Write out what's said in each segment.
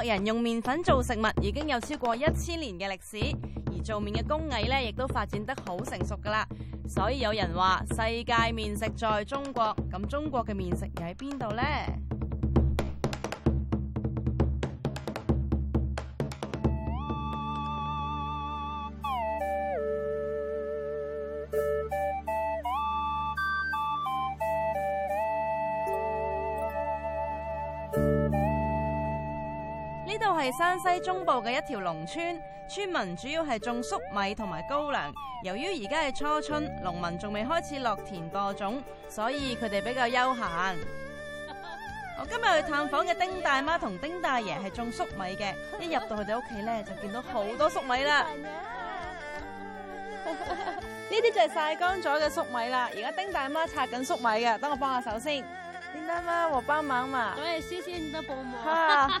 國人用麵粉做食物已經有超過一千年嘅歷史，而做麵嘅工藝咧亦都發展得好成熟噶啦，所以有人話世界麵食在中國，咁中國嘅麵食又喺邊度咧？係山西中部嘅一條農村，村，村民主要係種粟米同埋高粱。由於而家係初春，農民仲未開始落田播種，所以佢哋比較休閒。我今日去探訪嘅丁大媽同丁大爺係種粟米嘅，一入到佢哋屋企咧，就見到好多粟米啦。呢啲就係曬乾咗嘅粟米啦。而家丁大媽拆緊粟米嘅，等我幫下手先。丁大媽，我幫忙嘛。對，謝謝你的幫忙。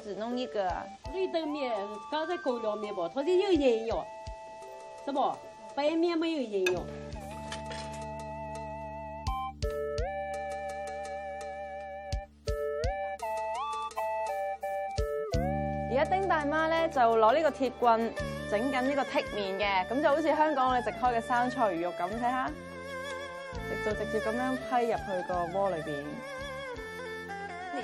只弄一個綠豆麵，剛才搞兩麵包，它就有營養，是不？白麵沒有營養。而家丁大媽咧就攞呢個鐵棍整緊呢個剔麵嘅，咁就好似香港我哋直開嘅生菜魚肉咁，睇下，直就直接咁樣批入去個鍋裏邊。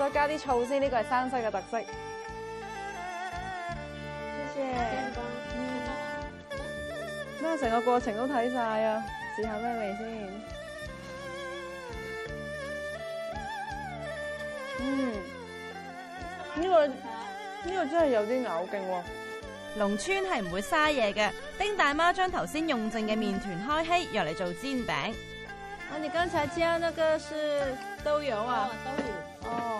再加啲醋先，呢個係山西嘅特色。謝謝。嗯。成個過程都睇晒啊！試下咩味先？嗯。呢個呢個真係有啲咬勁喎。農村係唔會嘥嘢嘅，丁大媽將頭先用剩嘅麵團開稀，用嚟做煎餅。那你剛才加那個是豆油啊？豆油。哦。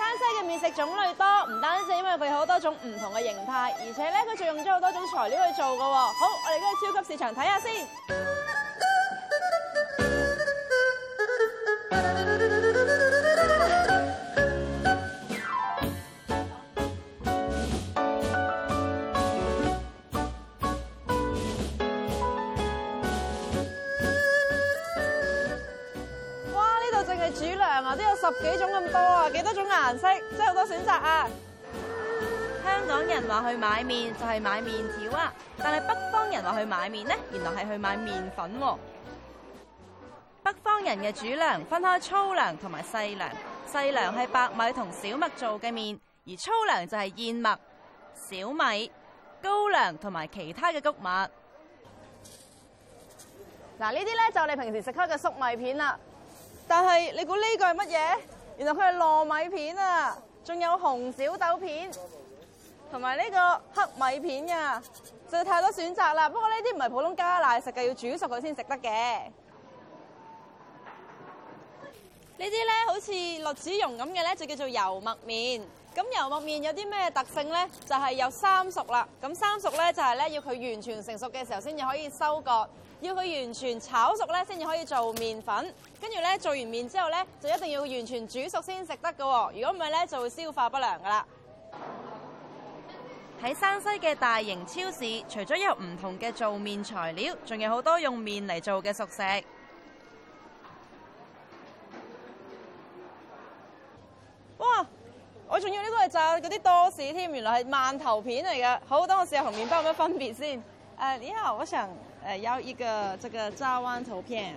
山西嘅麵食種類多，唔單止，因為佢有好多種唔同嘅形態，而且咧佢仲用咗好多種材料去做嘅。好，我哋而家去超級市場睇下先。顏色真係好多選擇啊！香港人話去買麵就係買麵條啊，但係北方人話去買麵呢，原來係去買麵粉啊。北方人嘅主糧分開粗糧同埋細糧，細糧係白米同小麥做嘅麵，而粗糧就係燕麥、小米、高粱同埋其他嘅穀物。嗱，呢啲呢就你平時食開嘅粟米片啦，但係你估呢個係乜嘢？原來佢係糯米片啊，仲有紅小豆片，同埋呢個黑米片啊，真、就、係、是、太多選擇啦。不過呢啲唔係普通加奶食嘅，要煮熟佢先食得嘅。這些呢啲咧好似栗子蓉咁嘅咧，就叫做油麥麵。咁油麥麵有啲咩特性咧？就係、是、有三熟啦。咁三熟咧就係、是、咧要佢完全成熟嘅時候先至可以收割，要佢完全炒熟咧先至可以做麵粉。跟住咧，做完麵之後咧，就一定要完全煮熟先食得噶。如果唔係咧，就會消化不良噶啦。喺山西嘅大型超市，除咗有唔同嘅做麵材料，仲有好多用麵嚟做嘅熟食。哇！我仲要呢個係炸嗰啲多士添，原來係饅頭片嚟嘅。好，等我試下同麪包有咩分別先。誒，你好，我想誒，有一個這個炸饅頭片。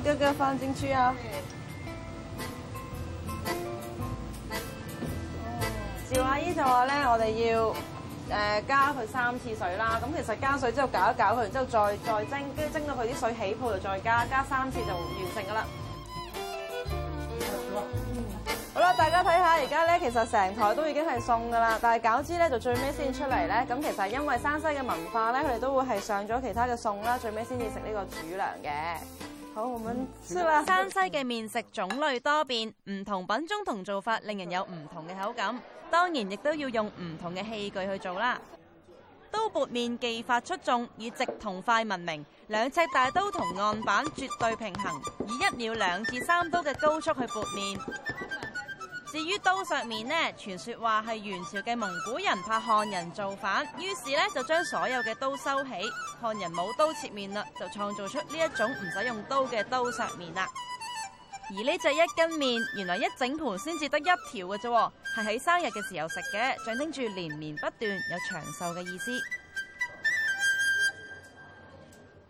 個個翻蒸煮啊！趙阿姨就話咧，我哋要誒加佢三次水啦。咁其實加水之後攪一攪佢，然之後再再蒸，跟住蒸到佢啲水起泡就再加，加三次就完成噶啦。嗯、好啦，大家睇下而家咧，其實成枱都已經係餸噶啦，但係餃子咧就最尾先至出嚟咧。咁其實因為山西嘅文化咧，佢哋都會係上咗其他嘅餸啦，最尾先至食呢個主糧嘅。好，我們出發。山西嘅麵食種類多變，唔同品種同做法令人有唔同嘅口感，當然亦都要用唔同嘅器具去做啦。刀撥麵技法出眾，以直同快聞名，兩尺大刀同案板絕對平衡，以一秒兩至三刀嘅高速去撥麵。至於刀削麵呢，傳說話係元朝嘅蒙古人怕漢人造反，於是咧就將所有嘅刀收起，漢人冇刀切麵啦，就創造出呢一種唔使用用刀嘅刀削麵啦。而呢隻一根麵，原來一整盤先至得一條嘅啫，係喺生日嘅時候食嘅，象徵住連綿不斷有長壽嘅意思。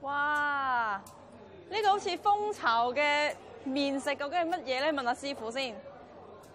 哇！呢個好似蜂巢嘅麵食，究竟係乜嘢呢？問下師傅先。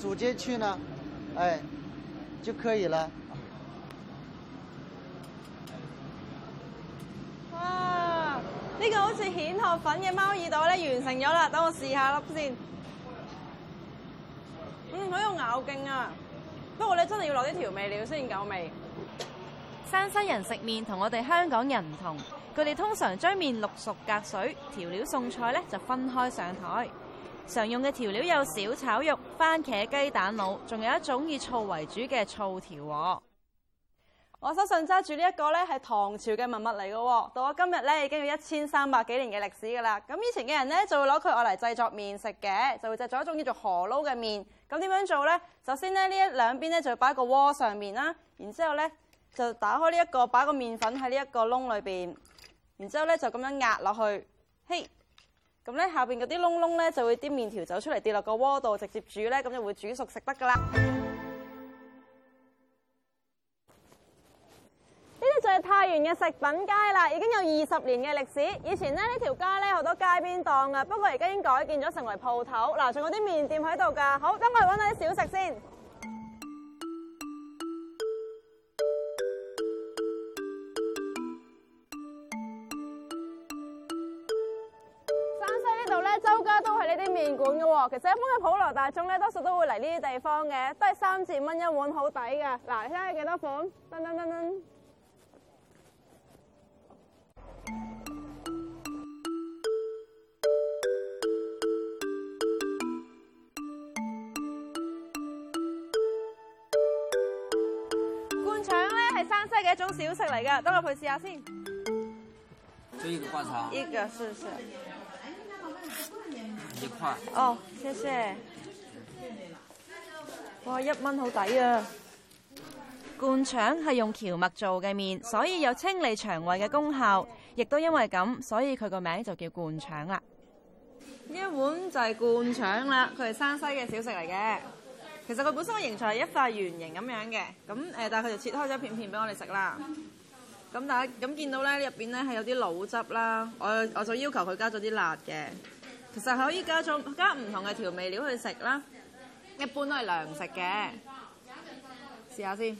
煮進去呢、啊，哎，就可以啦哇呢、這個好似蜆殼粉嘅貓耳朵咧，完成咗啦，等我試一下一粒先。嗯，好有咬勁啊！不過你真係要落啲調味料先夠味。山西人食麵同我哋香港人唔同，佢哋通常將麵淥熟隔水，調料送菜咧就分開上台。常用嘅調料有小炒肉、番茄雞蛋滷，仲有一種以醋為主嘅醋調和。我手上揸住呢一個呢，係唐朝嘅文物嚟嘅，到我今日呢，已經有一千三百幾年嘅歷史噶啦。咁以前嘅人呢，就會攞佢我嚟製作麵食嘅，就會製作一種叫做河撈嘅麵。咁點樣做呢？首先呢，呢一兩邊呢就要擺喺個鍋上面啦，然之後呢就打開呢、這個、一個，擺個麵粉喺呢一個窿裏邊，然之後呢就咁樣壓落去，嘿。咁咧，下邊嗰啲窿窿咧就會啲麵條走出嚟跌落個鍋度直接煮咧，咁就會煮熟食得噶啦。呢啲就係太原嘅食品街啦，已經有二十年嘅歷史。以前咧呢條街咧好多街邊檔啊，不過而家已經改建咗成為鋪頭。嗱，仲有啲麵店喺度噶。好，我哋搵下啲小食先。其實一般嘅普羅大眾咧，多數都會嚟,呢啲地方嘅，都係三至五蚊一碗好抵㗎。嗱，你睇下幾多款？噔噔噔噔。灌腸咧係山西嘅一種小食嚟噶，等我去試下先。一個灌腸。一個試試。哦，謝謝。哇，一蚊好抵啊！灌腸係用蕎麥做嘅麵，所以有清理腸胃嘅功效，亦都因為咁，所以佢個名就叫灌腸啦。呢一碗就係灌腸啦，佢係山西嘅小食嚟嘅。其實佢本身嘅形材係一塊圓形咁樣嘅，咁誒、呃，但係佢就切開咗一片片俾我哋食啦。咁但係咁見到咧，入邊咧係有啲滷汁啦。我我就要求佢加咗啲辣嘅。其實可以加種加唔同嘅調味料去食啦，一般都係涼食嘅。試下先。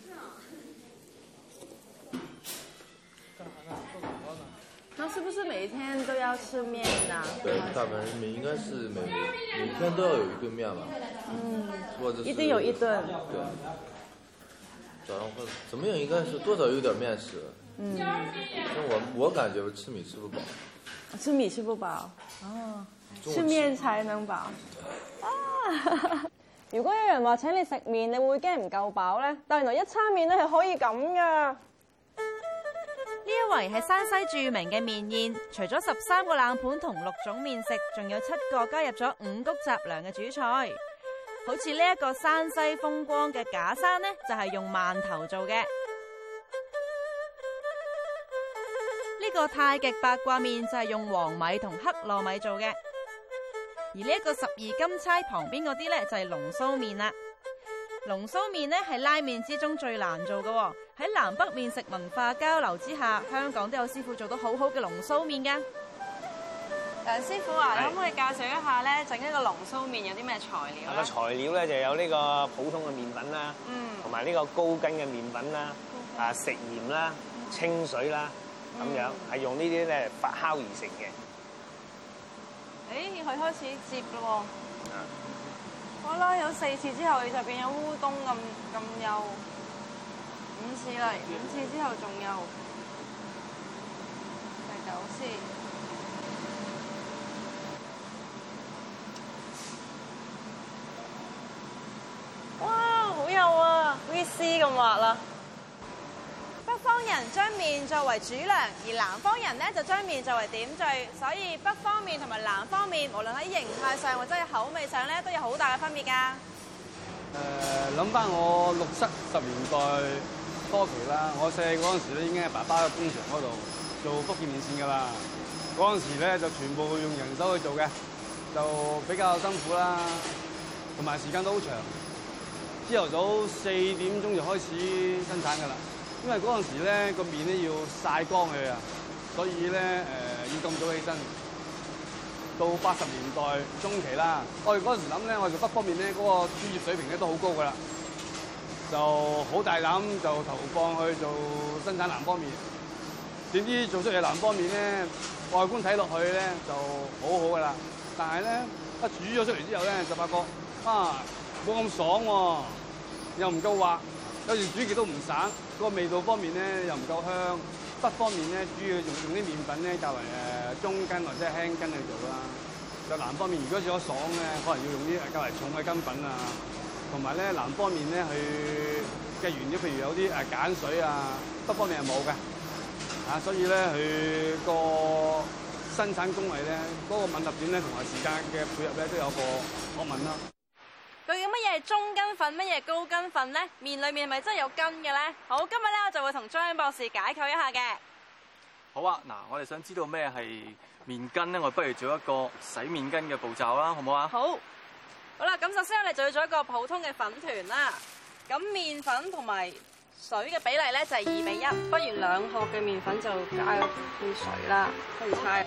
那、嗯啊、是不是每天都要吃麵呢、啊？對，大部分人應該是每每天都要有一頓麵吧。嗯。是一,一定有一頓。對。早上喝，怎麼樣應該是多少有點麵食。嗯。因為我我感覺吃米吃不飽。我吃米吃不飽，哦。食咩菜能飽啊？如果有人話請你食麵，你會驚唔夠飽呢？但原來一餐麵咧係可以咁噶。呢一圍係山西著名嘅麵宴，除咗十三個冷盤同六種麵食，仲有七個加入咗五穀雜糧嘅主菜。好似呢一個山西風光嘅假山呢，就係用饅頭做嘅。呢個太極八卦麵就係用黃米同黑糯米做嘅。而呢一個十二金釵旁邊嗰啲咧就係龍鬚麵啦，龍鬚麵咧係拉麵之中最難做噶喺南北麵食文化交流之下，香港都有師傅做到好好嘅龍鬚麵嘅。誒，師傅啊，你可唔可以介紹一下咧，整一個龍鬚麵有啲咩材料咧？個材料咧就有呢個普通嘅麵粉啦，同埋呢個高筋嘅麵粉啦，啊食鹽啦、清水啦、咁、嗯、樣，係用呢啲咧發酵而成嘅。咦、哎，佢開始接咯喎，好啦，有四次之後，你就變咗烏冬咁咁幼，五次嚟，五次之後仲有第九次，哇，好幼啊，好似絲咁滑啦、啊、～北方人將麵作為主糧，而南方人咧就將麵作為點綴，所以北方麵同埋南方麵無論喺形態上或者喺口味上咧都有好大嘅分別噶、呃。誒，諗翻我六七十年代初期啦，我細個嗰陣時咧已經喺爸爸嘅工場嗰度做福建麵線噶啦。嗰陣時咧就全部用人手去做嘅，就比較辛苦啦，同埋時間都好長。朝頭早四點鐘就開始生產噶啦。因為嗰陣時咧個麵咧要曬乾佢啊，所以咧、呃、要咁早起身。到八十年代中期啦，我哋嗰陣時諗咧，我哋北方麵咧嗰個專業水平咧都好高㗎喇，就好大膽就投放去做生產南方麵。點知做出嚟南方麵咧，外觀睇落去咧就好好㗎喇，但係咧一煮咗出嚟之後咧就發覺啊冇咁爽喎、啊，又唔夠滑，有時煮極都唔散。個味道方面咧又唔夠香，北方麵咧主要用用啲麵粉咧，較為誒中筋或者輕筋去做啦。就南方麵，如果做咗爽咧，可能要用啲較為重嘅筋粉啊，同埋咧南方麵咧佢嘅原料，譬如有啲誒鹼水啊，北方麵係冇嘅，啊，所以咧佢個生產工藝咧，嗰個吻合點咧，同埋時間嘅配合咧，都有個學問啦。究竟乜嘢係中筋粉，乜嘢係高筋粉咧？麵裏面係咪真係有筋嘅咧？好，今日咧我就會同張博士解構一下嘅。好啊，嗱，我哋想知道咩係麵筋咧，我哋不如做一個洗麵筋嘅步驟啦，好唔好啊？好。好啦，咁首先我哋就要做一個普通嘅粉糰啦。咁麵粉同埋水嘅比例咧就係二比一，不如兩殼嘅麵粉就加咗啲水啦，不如猜。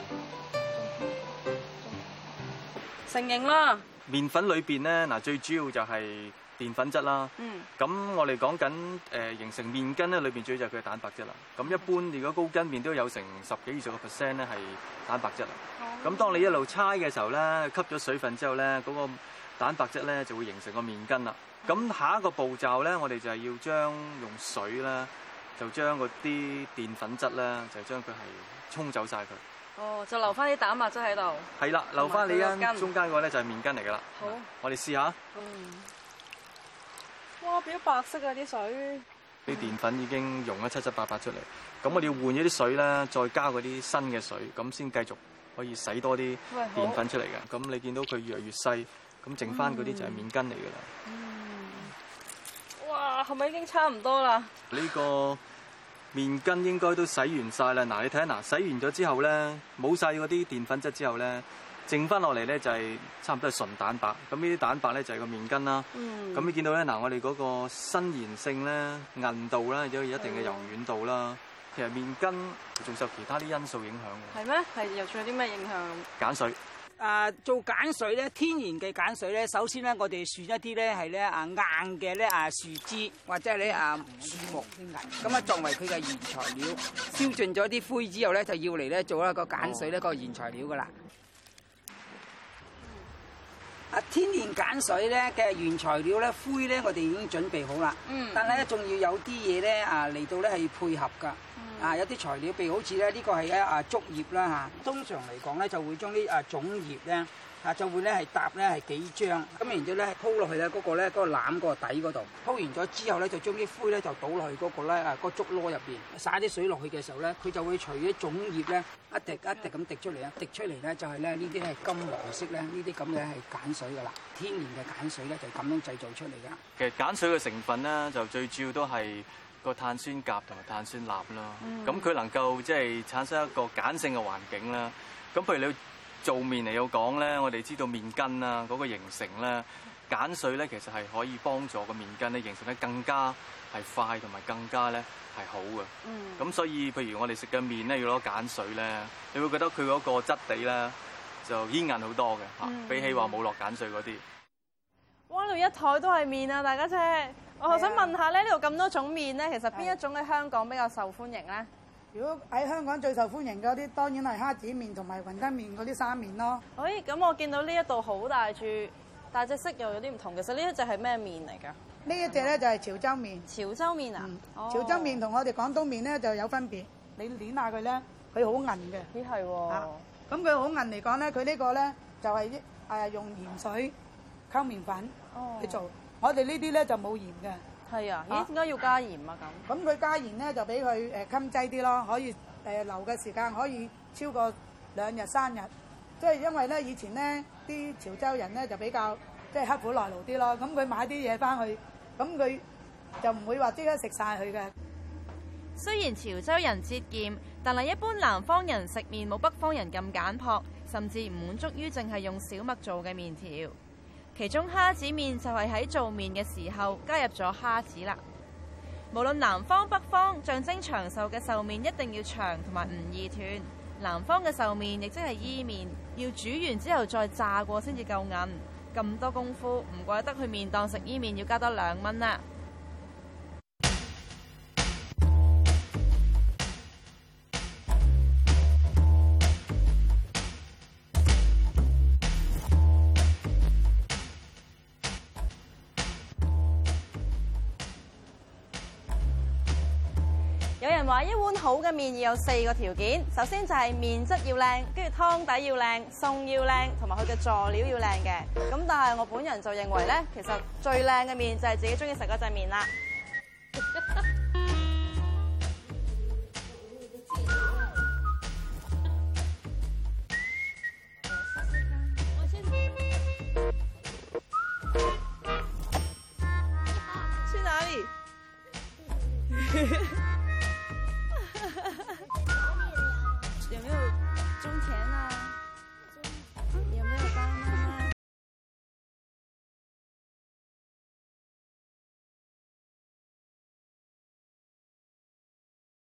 成型啦。麵粉裏邊咧，嗱，最主要就係澱粉質啦。咁我哋講緊形成麵筋咧，裏邊，最主要就係佢、嗯呃、蛋白質啦。咁一般如果高筋麵都有成十幾二十個 percent 咧係蛋白質啦。咁、嗯、當你一路搓嘅時候咧，吸咗水分之後咧，嗰、那個蛋白質咧就會形成個麵筋啦。咁、嗯、下一個步驟咧，我哋就係要將用水啦，就將嗰啲澱粉質咧，就將佢係沖走晒佢。哦，就留翻啲蛋白質喺度。係啦，留翻你間間中間個咧就係麵筋嚟噶啦。好，我哋試下。嗯。哇，變咗白色啊啲水。啲、嗯、澱粉已經溶咗七七八八出嚟，咁我哋要換咗啲水啦，再加嗰啲新嘅水，咁先繼續可以續洗多啲澱粉出嚟嘅。咁你見到佢越嚟越細，咁剩翻嗰啲就係麵筋嚟噶啦。嗯。哇，係咪已經差唔多啦？呢、這個。麵筋應該都洗完晒啦。嗱，你睇下，嗱洗完咗之後咧，冇晒嗰啲澱粉質之後咧，剩翻落嚟咧就係差唔多係純蛋白，咁呢啲蛋白咧就係個麵筋啦。咁、嗯、你見到咧嗱，我哋嗰個伸延性咧、韌度啦，有冇一定嘅柔軟度啦、嗯？其實麵筋仲受其他啲因素影響嘅。係咩？係又仲有啲咩影響？鹼水。啊，做鹼水咧，天然嘅鹼水咧，首先咧，我哋選一啲咧係咧啊硬嘅咧啊樹枝或者係啊樹木，咁啊作為佢嘅原材料，燒盡咗啲灰之後咧，就要嚟，咧做一個鹼水咧個原材料噶啦。啊、哦，天然鹼水咧嘅原材料咧灰咧，我哋已經準備好啦、嗯，但係咧仲要有啲嘢咧啊嚟到咧係要配合噶。啊！有啲材料，譬如好似咧呢個係咧啊竹葉啦嚇，通常嚟講咧就會將啲啊種葉咧啊就會咧係搭咧係幾張，咁然之後咧鋪落去咧嗰個咧嗰個籃個底嗰度，鋪完咗之後咧就將啲灰咧就倒落去嗰個咧個竹籮入面。灑啲水落去嘅時候咧，佢就會除啲種葉咧一滴一滴咁滴，滴出嚟啊！滴出嚟咧就係咧呢啲係金黃色咧，呢啲咁嘅係鹼水噶啦，天然嘅鹼水咧就咁樣製造出嚟噶。其實鹼水嘅成分咧就最主要都係。個碳酸鉀同埋碳酸鈉咯，咁、嗯、佢能夠即係、就是、產生一個鹼性嘅環境啦。咁譬如你做麵嚟講咧，我哋知道麵筋啊嗰個形成咧，鹼水咧其實係可以幫助個麵筋咧形成得更加係快同埋更加咧係好嘅。咁、嗯、所以譬如我哋食嘅面咧要攞鹼水咧，你會覺得佢嗰個質地咧就煙韌好多嘅嚇、嗯，比起話冇落鹼水嗰啲。哇！呢度一枱都係麵啊，大家請。我想問下咧，呢度咁多種麵咧，其實邊一種喺香港比較受歡迎咧？如果喺香港最受歡迎嗰啲，當然係蝦子麵同埋雲吞麵嗰啲生麵咯。哎、哦，咁我見到呢一度好大處，但隻色又有啲唔同。其實呢一隻係咩麵嚟㗎？呢一隻咧就係、是、潮州麵。潮州麵啊、嗯？潮州麵同我哋廣東麵咧就有分別。哦、你捏下佢咧，佢好韌嘅。咦，係喎。咁佢好韌嚟講咧，佢、啊、呢個咧就係、是、一、啊、用鹽水溝麵粉去做。哦我哋呢啲咧就冇鹽嘅。係啊，咦，點解要加鹽啊？咁咁佢加鹽咧就俾佢誒襟劑啲咯，可以誒留嘅時間可以超過兩日三日。即係因為咧，以前咧啲潮州人咧就比較即係刻苦耐勞啲咯。咁佢買啲嘢翻去，咁佢就唔會話即刻食晒佢嘅。雖然潮州人節儉，但係一般南方人食麵冇北方人咁簡朴，甚至唔滿足於淨係用小麥做嘅麵條。其中蝦子麵就係喺做麵嘅時候加入咗蝦子啦。無論南方北方，象徵長壽嘅壽麵一定要長同埋唔易斷。南方嘅壽麵亦即係伊麵，要煮完之後再炸過先至夠韌。咁多功夫，唔怪得去麵檔食伊麵要加多兩蚊啦。買一碗好嘅麵要有四個條件，首先就係麵質要靚，跟住湯底要靚，餸要靚，同埋佢嘅佐料要靚嘅。咁但係我本人就認為咧，其實最靚嘅麵就係自己鍾意食嗰隻麵啦。